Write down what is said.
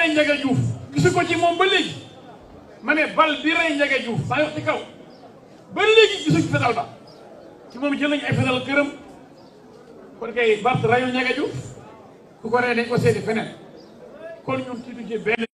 rey Ndiaga Diouf gisu ko ci moom ba léegi ma ne bal bi rey Ndiaga Diouf maa wax ci kaw ba léegi gisuñ fetal ba ci moom jël nañu ay fetal këram kon kay Bart reyul Ndiaga Diouf ku ko rey dañ ko seeti feneen kon ñun tiitu ci benn